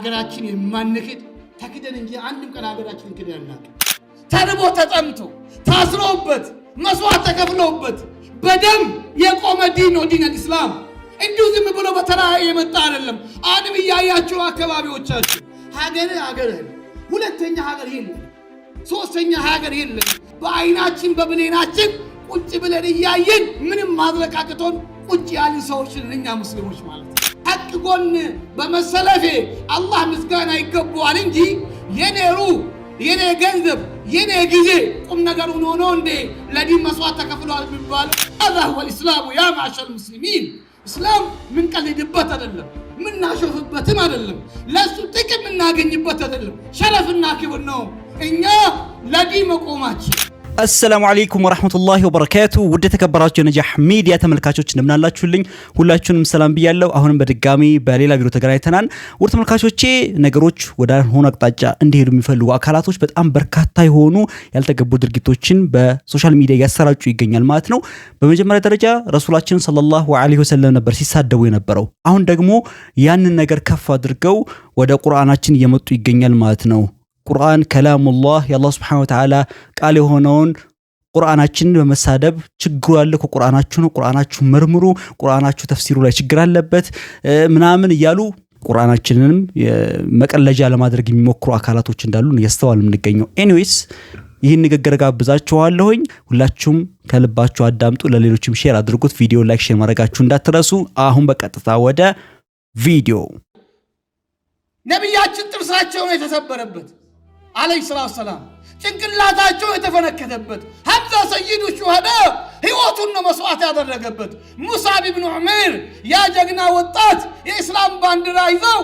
ሀገራችን የማንክድ ተክደን እንጂ አንድም ቀን ሀገራችን ክደን አናውቅም። ተርቦ ተጠምቶ ታስሮበት መስዋዕት ተከፍሎበት በደም የቆመ ዲን ነው ዲን አልኢስላም። እንዲሁ ዝም ብሎ በተራ የመጣ አይደለም። አንም እያያቸው አካባቢዎቻችን ሀገር ሀገር ሁለተኛ ሀገር የለም፣ ሶስተኛ ሀገር የለም። በአይናችን በብሌናችን ቁጭ ብለን እያየን ምንም ማድረግ አቅቶን ቁጭ ያልን ሰዎች እኛ ሙስሊሞች ማለት ነው። ከሐቅ ጎን በመሰለፌ አላህ ምስጋና ይገባዋል እንጂ የኔ ሩህ፣ የኔ ገንዘብ፣ የኔ ጊዜ ቁም ነገሩን ሆኖ እንዴ ለዲን መስዋዕት ተከፍሏል የሚባል አዛ ሁወል ኢስላሙ ያ ማዕሸር ሙስሊሚን። እስላም ምንቀልድበት አይደለም፣ ምናሾፍበትም አይደለም፣ ለእሱ ጥቅም እናገኝበት አይደለም፣ ሸረፍና ክብር ነው እኛ ለዲን መቆማችን አሰላሙ አለይኩም ወራህመቱላሂ ወበረካቱ። ውድ የተከበራችሁ የነጃህ ሚዲያ ተመልካቾች እንደምናላችሁልኝ ሁላችሁንም ሰላም ብያለሁ። አሁንም በድጋሚ በሌላ ቪዲዮ ተገናኝተናል። ውድ ተመልካቾቼ ነገሮች ወደ ሆነ አቅጣጫ እንዲሄዱ የሚፈልጉ አካላቶች በጣም በርካታ የሆኑ ያልተገቡ ድርጊቶችን በሶሻል ሚዲያ እያሰራጩ ይገኛል ማለት ነው። በመጀመሪያ ደረጃ ረሱላችን ሰለላሁ ዐለይሂ ወሰለም ነበር ሲሳደቡ የነበረው። አሁን ደግሞ ያንን ነገር ከፍ አድርገው ወደ ቁርአናችን እየመጡ ይገኛል ማለት ነው። ቁርአን ከላሙላህ የአላህ ስብሐነሁ ወተዓላ ቃል የሆነውን ቁርአናችንን በመሳደብ ችግሩ ያለ ከቁርአናችሁ ነው፣ ቁርአናችሁ መርምሩ፣ ቁርአናችሁ ተፍሲሩ ላይ ችግር አለበት ምናምን እያሉ ቁርአናችንንም መቀለጃ ለማድረግ የሚሞክሩ አካላቶች እንዳሉ እያስተዋል የምንገኘው። ኤኒዌይስ ይህን ንግግር ጋብዛችኋለሁኝ። ሁላችሁም ከልባችሁ አዳምጡ፣ ለሌሎችም ሼር አድርጉት። ቪዲዮ ላይክ፣ ሼር ማድረጋችሁ እንዳትረሱ። አሁን በቀጥታ ወደ ቪዲዮ ነቢያችን ጥርሳቸው ነው የተሰበረበት አለይሂ ሰላቱ ሰላም ጭንቅላታቸው የተፈነከተበት ሀብዛ ሰይዱ ሹሃዳ ሕይወቱን ነው መስዋዕት ያደረገበት ሙሳብ ብን ዑሜር ያ ጀግና ወጣት የእስላም ባንዲራ ይዘው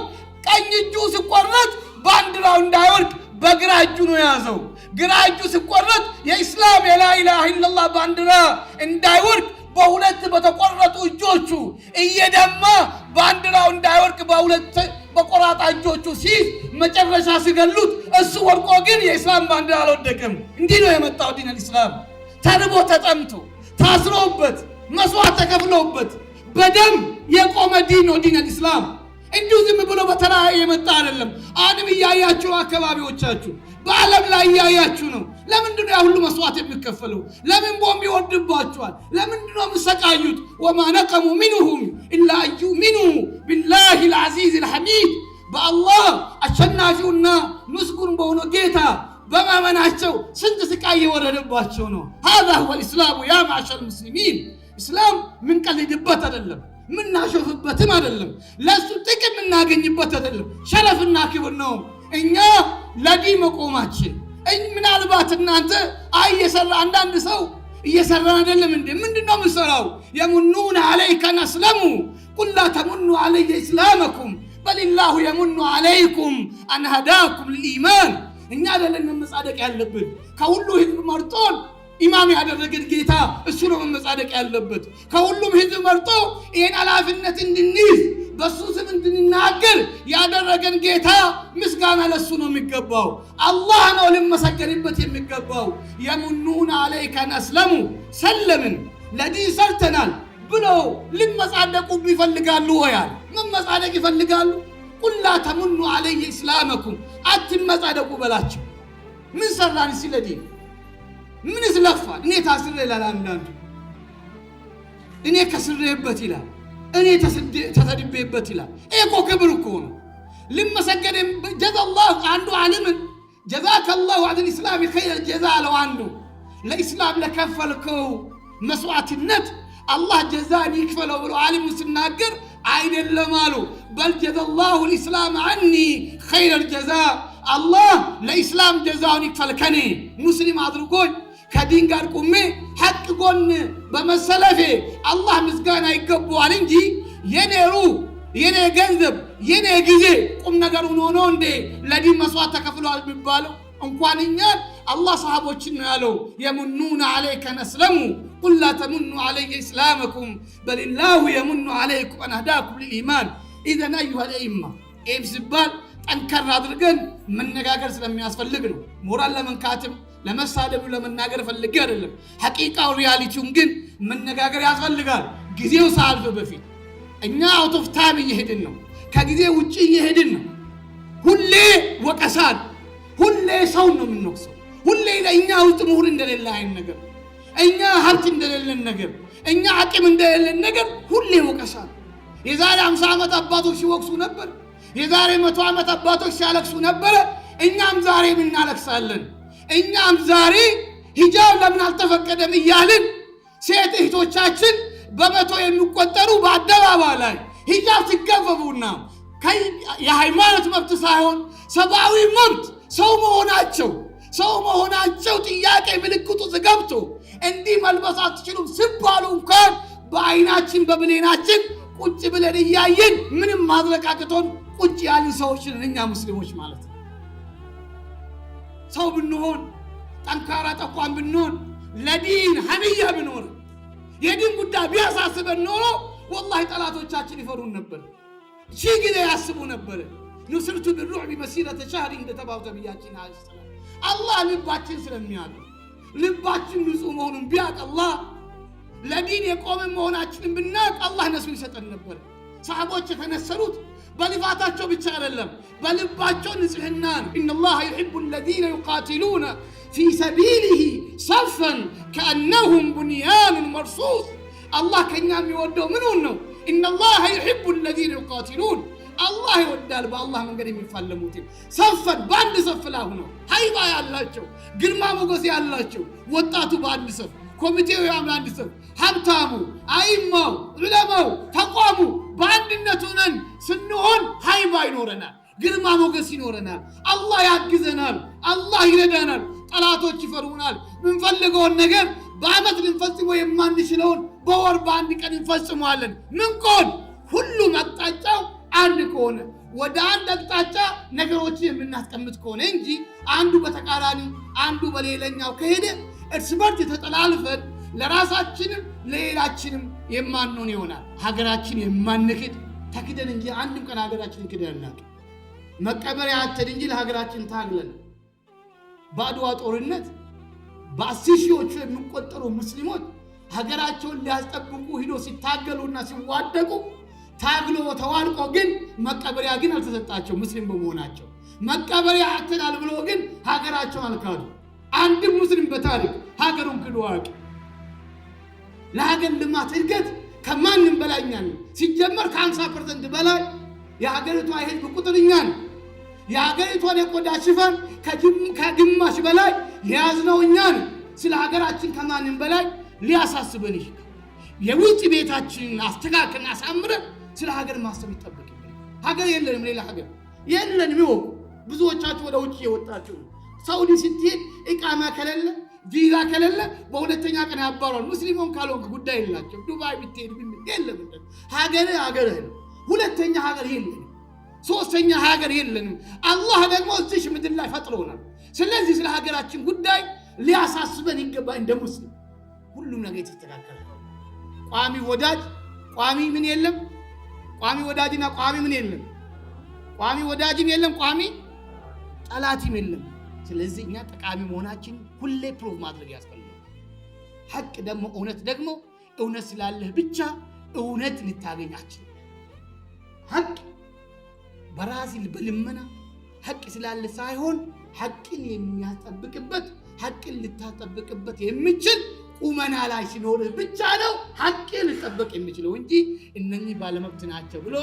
ቀኝ እጁ ሲቆረጥ ባንዲራው እንዳይወድቅ በግራ እጁ ነው የያዘው። ግራ እጁ ሲቆረጥ የኢስላም የላኢላሃ ኢለላህ ባንዲራ እንዳይወድቅ በሁለት በተቆረጡ እጆቹ እየደማ ባንዲራው እንዳይወድቅ በሁለት በጠላጣ እጆቹ ሲይዝ መጨረሻ ሲገሉት፣ እሱ ወድቆ ግን የኢስላም ባንዲራ አልወደቅም። እንዲህ ነው የመጣው ዲን አልኢስላም ተርቦ ተጠምቶ ታስሮበት መስዋዕት ተከፍሎበት በደም የቆመ ዲን ነው ዲን አልኢስላም። እንዲሁ ዝም ብሎ በተራ የመጣ አይደለም። አንም እያያችሁ አካባቢዎቻችሁ በዓለም ላይ እያያችሁ ነው። ለምንድን ነው ያ ሁሉ መስዋዕት የሚከፈለው? ለምን ቦምብ ይወርድባችኋል? ለምንድን ነው የምሰቃዩት? ወማ ነቀሙ ሚንሁም ኢላ አዩሚኑ ቢላሂ ልዓዚዝ ልሐሚድ በአላህ አሸናፊውና ምስጉን በሆነ ጌታ በማመናቸው ስንት ስቃይ የወረደባቸው ነው። ሀዛ ሁወል ልእስላሙ ያ ማዕሸር ሙስሊሚን። ኢስላም ምንቀልድበት አይደለም፣ ምናሾፍበትም አይደለም፣ ለእሱ ጥቅም ምናገኝበት አይደለም። ሸረፍና ክብር ነው እኛ ለዲ መቆማችን። ምናልባት እናንተ አይ እየሰራ አንዳንድ ሰው እየሰራን አይደለም እንዴ? ነው የምንሰራው? የሙኑን አለይከን አስለሙ ቁላ ተሙኑ አለየ እስላመኩም በሊላሁ የሙኑ አለይኩም አንሃዳኩም ልኢማን። እኛ አይደለን መመጻደቅ ያለብን ከሁሉ ህዝብ መርጦን ኢማም ያደረገን ጌታ እሱ ነው መመጻደቅ ያለበት። ከሁሉም ህዝብ መርጦ ይህን ኃላፊነት እንድንይዝ በእሱ ስም እንድንናገር ያደረገን ጌታ ምስጋና ለሱ ነው የሚገባው። አላህ ነው ልመሰገንበት የሚገባው። የሙኑን አለይከን አስለሙ ሰለምን ለዲን ሰርተናል ብለው ሊመጻደቁም ይፈልጋሉ ሆያል መመጻደቅ ይፈልጋሉ። ቁላ ተሙኑ አለየ እስላመኩም አትመጻደቁ በላቸው። ምን ሰራን ሲለዲን ምን ስለፋን እኔ ታስሬ ይላል አንዳንዱ እኔ ከስሬበት ይላል እኔ ተሰድቤበት ይላል። እኮ ክብር እኮ ነው ልመሰገን ጀዛላሁ አንዱ ዓለምን ጀዛከላሁ አን ስላም ኸይረ ጀዛ አለው አንዱ ለኢስላም ለከፈልከው መስዋዕትነት አላህ ጀዛን ይክፈለው ብሎ አሊሙ ሲናገር አይደለም አሉ። በል ጀዘላሁ ልእስላም አኒ ኸይረ ልጀዛ አላህ ለኢስላም ጀዛውን ይክፈል ከኔ ሙስሊም አድርጎኝ ከዲን ጋር ቁሜ ሐቅ ጎን በመሰለፌ አላህ ምስጋና ይገባዋል እንጂ የኔሩ የኔ ገንዘብ፣ የኔ ጊዜ ቁም ነገሩን ሆኖ እንዴ ለዲን መስዋዕት ተከፍሏል የሚባለው እንኳን እኛን አላህ ሰሃቦችን ነው ያለው የሙኑና አለይከ ነስለሙ ቁላ ተሙኑ ዓለየ ኢስላመኩም በልላሁ የሙኑ ዓለይኩም አንሃዳኩም ሊልኢማን። ኢዘን አዩሃ ለኢማ ኤም ሲባል ጠንከር አድርገን መነጋገር ስለሚያስፈልግ ነው። ሞራል ለመንካትም ለመሳደቡ ለመናገር ፈልጌ አይደለም። ሐቂቃው ሪያሊቲውን ግን መነጋገር ያስፈልጋል። ጊዜው ሳልፍ በፊት እኛ አውት ኦፍ ታይም እየሄድን ነው። ከጊዜ ውጭ እየሄድን ነው። ሁሌ ወቀሳን፣ ሁሌ ሰውን ነው የምንወቅሰው። ሁሌ ለእኛ ውስጥ ምሁር እንደሌለ አይን ነገር እኛ ሀብት እንደሌለን ነገር፣ እኛ አቅም እንደሌለን ነገር ሁሌ ወቀሳል። የዛሬ አምሳ ዓመት አባቶች ሲወቅሱ ነበር። የዛሬ መቶ ዓመት አባቶች ሲያለቅሱ ነበረ። እኛም ዛሬ እናለቅሳለን። እኛም ዛሬ ሂጃብ ለምን አልተፈቀደም እያልን ሴት እህቶቻችን በመቶ የሚቆጠሩ በአደባባይ ላይ ሂጃብ ሲገፈፉና የሃይማኖት መብት ሳይሆን ሰብአዊ መብት ሰው መሆናቸው ሰው መሆናቸው ጥያቄ ምልክቱ ዘገብቶ እንዲህ መልበስ አትችሉም ስባሉ እንኳን በአይናችን በብሌናችን ቁጭ ብለን እያየን ምንም ማዝረቃቅቶን ቁጭ ያሉ ሰዎችን እኛ ሙስሊሞች ማለት ነው። ሰው ብንሆን ጠንካራ ጠቋም ብንሆን ለዲን ሀንያ ብንሆን የዲን ጉዳይ ቢያሳስበን ኖሮ ወላሂ ጠላቶቻችን ይፈሩን ነበር፣ ሺህ ጊዜ ያስቡ ነበር። ንስርቱ ብሩዕ ቢመሲረተ ሻህሪ እንደተባው ተብያችን አላህ ልባችን ስለሚያውቅ ልባችን ንጹህ መሆኑን ቢያውቅ አላህ ለዲን የቆመን መሆናችንን ብናውቅ አላህ ነሱ ይሰጠን ነበር። ሰሃቦች የተነሰሩት በልፋታቸው ብቻ አይደለም፣ በልባቸው ንጽሕናን ኢነላሃ ዩሒቡ አለዚነ ዩቃቲሉነ ፊ ሰቢሊሂ ሰፈን ከአነሁም ቡንያኑን መርሱስ። አላህ ከእኛ የሚወደው ምኑን ነው? ኢነላሃ ዩሒቡ አለዚነ ዩቃቲሉን አላህ ይወዳል። በአላህ መንገድ የሚፋለሙት ሰፈን በአንድ ሰፍ ላይ ሆነው ሀይባ ያላቸው ግርማ ሞገስ ያላቸው ወጣቱ በአንድ ሰፍ፣ ኮሚቴው ያም አንድ ሰፍ፣ ሀብታሙ፣ አይማው፣ ዑለማው፣ ተቋሙ በአንድነት ሆነን ስንሆን ሀይባ ይኖረናል፣ ግርማ ሞገስ ይኖረናል። አላህ ያግዘናል፣ አላህ ይረዳናል። ጠላቶች ይፈሩናል። ምንፈልገውን ነገር በአመት ልንፈጽሞ የማንችለውን በወር በአንድ ቀን እንፈጽመዋለን። ምንቆን ሁሉም አቅጣጫው አንድ ከሆነ ወደ አንድ አቅጣጫ ነገሮችን የምናስቀምጥ ከሆነ እንጂ አንዱ በተቃራኒ አንዱ በሌላኛው ከሄደ እርስ በርስ የተጠላልፈን ለራሳችንም ለሌላችንም የማንሆን ይሆናል። ሀገራችን የማንክድ ተክደን እንጂ አንድም ቀን ሀገራችን ክደን አናውቅም። መቀበሪያችን እንጂ ለሀገራችን ታግለን በአድዋ ጦርነት በአስር ሺዎቹ የሚቆጠሩ ሙስሊሞች ሀገራቸውን ሊያስጠብቁ ሂዶ ሲታገሉና ሲዋደቁ ታግሎ ተዋልቆ ግን መቀበሪያ ግን አልተሰጣቸው። ሙስሊም በመሆናቸው መቀበሪያ አትናል ብሎ ግን ሀገራቸውን አልካዱ። አንድም ሙስሊም በታሪክ ሀገሩን ክዶ ለሀገር ልማት እድገት ከማንም በላይ እኛ ነው። ሲጀመር ከ ፐርሰንት በላይ የሀገሪቷ የህዝብ ቁጥር ነው። የሀገሪቷን የቆዳ ሽፋን ከግማሽ በላይ የያዝነው እኛ ነው። ስለ ሀገራችን ከማንም በላይ ሊያሳስበን ይህ የውጭ ቤታችንን አስተካክልን አሳምረን ስለ ሀገር ማሰብ ይጠበቅብኝ። ሀገር የለንም፣ ሌላ ሀገር የለንም። ይወቁ። ብዙዎቻችሁ ወደ ውጭ የወጣችሁ ሳውዲ ስትሄድ እቃማ ከሌለ ቪዛ ከሌለ በሁለተኛ ቀን ያባሯል። ሙስሊሞን ካልሆንክ ጉዳይ የላቸው። ዱባይ ብትሄድ የለም። ሀገር ሀገር ሁለተኛ ሀገር የለንም፣ ሶስተኛ ሀገር የለንም። አላህ ደግሞ እዚሽ ምድር ላይ ፈጥሮናል። ስለዚህ ስለ ሀገራችን ጉዳይ ሊያሳስበን ይገባ። እንደ ሙስሊም ሁሉም ነገር የተስተካከለ ቋሚ ወዳጅ ቋሚ ምን የለም ቋሚ ወዳጅና ቋሚ ምን የለም። ቋሚ ወዳጅም የለም፣ ቋሚ ጠላትም የለም። ስለዚህ እኛ ጠቃሚ መሆናችን ሁሌ ፕሮቭ ማድረግ ያስፈልጋል። ሐቅ ደግሞ እውነት ደግሞ እውነት ስላለህ ብቻ እውነት ልታገኛችን ሐቅ በራሲ በልመና ሐቅ ስላለ ሳይሆን ሐቅን የሚያስጠብቅበት ሐቅን ልታስጠብቅበት የሚችል ቁመና ላይ ሲኖርህ ብቻ ነው ሐቅን ሊጠበቅ የሚችለው እንጂ እነኚህ ባለመብት ናቸው ብሎ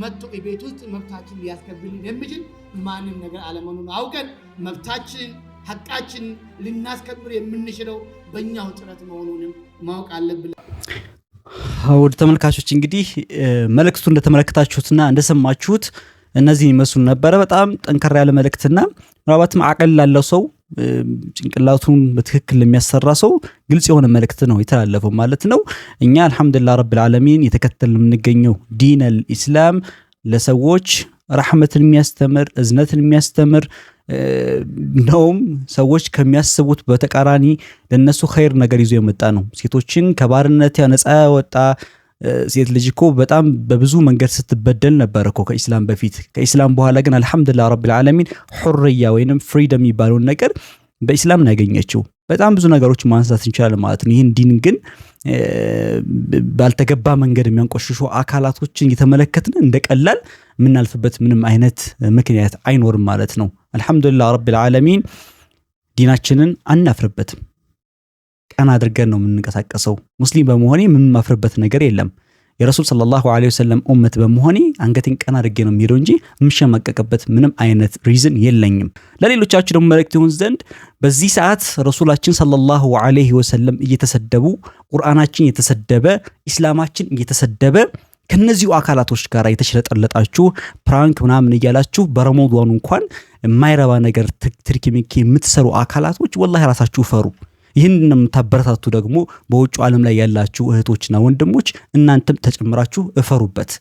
መጥቶ ቤት ውስጥ መብታችን ሊያስከብልን የሚችል ማንም ነገር አለመኑን አውቀን መብታችንን፣ ሀቃችንን ልናስከብር የምንችለው በእኛው ጥረት መሆኑንም ማወቅ አለብን። ውድ ተመልካቾች እንግዲህ መልእክቱ እንደተመለከታችሁትና እንደሰማችሁት እነዚህ ይመስሉ ነበረ። በጣም ጠንከራ ያለ መልእክትና ምናልባትም አቅል ላለው ሰው ጭንቅላቱን በትክክል የሚያሰራ ሰው ግልጽ የሆነ መልእክት ነው የተላለፈው ማለት ነው። እኛ አልሐምዱሊላህ ረብል ዓለሚን የተከተል የምንገኘው ዲን አልኢስላም ለሰዎች ረሕመትን የሚያስተምር እዝነትን የሚያስተምር እንደውም ሰዎች ከሚያስቡት በተቃራኒ ለነሱ ኸይር ነገር ይዞ የመጣ ነው። ሴቶችን ከባርነት ነፃ ያወጣ ሴት ልጅ እኮ በጣም በብዙ መንገድ ስትበደል ነበር እኮ ከኢስላም በፊት። ከኢስላም በኋላ ግን አልሐምዱሊላህ ረብል ዓለሚን ሑርያ ወይንም ፍሪደም የሚባለውን ነገር በኢስላም ነው ያገኘችው። በጣም ብዙ ነገሮች ማንሳት እንችላለን ማለት ነው። ይህን ዲን ግን ባልተገባ መንገድ የሚያንቆሽሹ አካላቶችን እየተመለከትን እንደ ቀላል የምናልፍበት ምንም አይነት ምክንያት አይኖርም ማለት ነው። አልሐምዱሊላህ ረብል ዓለሚን ዲናችንን አናፍርበትም። ቀና አድርገን ነው የምንንቀሳቀሰው። ሙስሊም በመሆኔ የምማፍርበት ነገር የለም። የረሱል ሰለላሁ ዐለይሂ ወሰለም ኡመት በመሆኔ አንገቴን ቀና አድርጌ ነው የሚሄደው እንጂ የምሸማቀቅበት ምንም አይነት ሪዝን የለኝም። ለሌሎቻችሁ ደግሞ መልእክት ይሆን ዘንድ በዚህ ሰዓት ረሱላችን ሰለላሁ ዐለይሂ ወሰለም እየተሰደቡ፣ ቁርአናችን እየተሰደበ፣ ኢስላማችን እየተሰደበ ከነዚሁ አካላቶች ጋር የተሽለጠለጣችሁ ፕራንክ ምናምን እያላችሁ በረመዷኑ እንኳን የማይረባ ነገር ትርኪሚኪ የምትሰሩ አካላቶች ወላሂ ራሳችሁ ፈሩ። ይህንን የምታበረታቱ ደግሞ በውጭ ዓለም ላይ ያላችሁ እህቶችና ወንድሞች እናንተም ተጨምራችሁ እፈሩበት።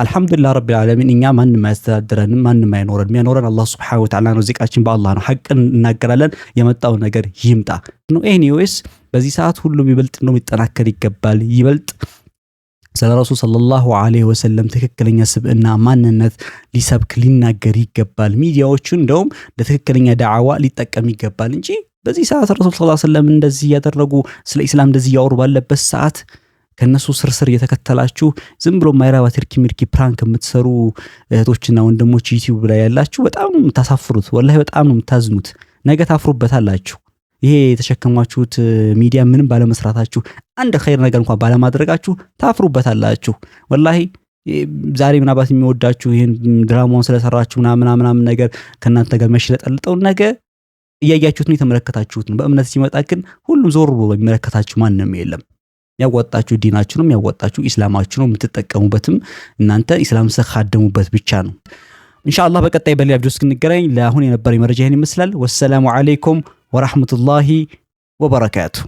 አልሐምዱሊላህ ረቢል ዓለሚን እኛ ማንም አያስተዳድረንም፣ ማንም አይኖረን። የሚያኖረን አላህ ሱብሓነሁ ወተዓላ ነው። ዜቃችን በአላህ ነው። ሐቅን እናገራለን። የመጣው ነገር ይምጣ ነው። ኤኒዌይስ በዚህ ሰዓት ሁሉም ይበልጥ ነው ይጠናከር ይገባል ይበልጥ ስለ ረሱል ሰለላሁ ዐለይሂ ወሰለም ትክክለኛ ስብዕና ማንነት ሊሰብክ ሊናገር ይገባል። ሚዲያዎቹ እንደውም ለትክክለኛ ዳዕዋ ሊጠቀም ይገባል እንጂ በዚህ ሰዓት ረሱል ሰለላሁ ዐለይሂ ወሰለም እንደዚህ እያደረጉ ስለ ኢስላም እንደዚህ እያወሩ ባለበት ሰዓት ከነሱ ስርስር የተከተላችሁ ዝም ብሎ ማይራባ ትርኪ ምርኪ ፕራንክ የምትሰሩ እህቶችና ወንድሞች ዩቲዩብ ላይ ያላችሁ በጣም ነው የምታሳፍሩት። ወላሂ በጣም ነው የምታዝኑት። ነገ ታፍሩበታላችሁ። ይሄ የተሸከማችሁት ሚዲያ ምንም ባለመስራታችሁ፣ አንድ ኸይር ነገር እንኳን ባለማድረጋችሁ ታፍሩበታላችሁ። ወላሂ ዛሬ ምናባት የሚወዳችሁ ይህን ድራማውን ስለሰራችሁ ምናምን ነገር ከእናንተ ጋር መሽለጠልጠው ነገ እያያችሁት ነው የተመለከታችሁት ነው። በእምነት ሲመጣ ግን ሁሉም ዞር ብሎ የሚመለከታችሁ ማንም የለም። ያዋጣችሁ ዲናችሁ ነው፣ ያዋጣችሁ ኢስላማችሁ ነው። የምትጠቀሙበትም እናንተ ኢስላም ስካደሙበት ብቻ ነው። ኢንሻአላህ በቀጣይ በሌላ ቪዲዮ እስክንገናኝ ለአሁን የነበረ መረጃ ይህን ይመስላል። ወሰላሙ አለይኩም ወራህመቱላሂ ወበረካቱ።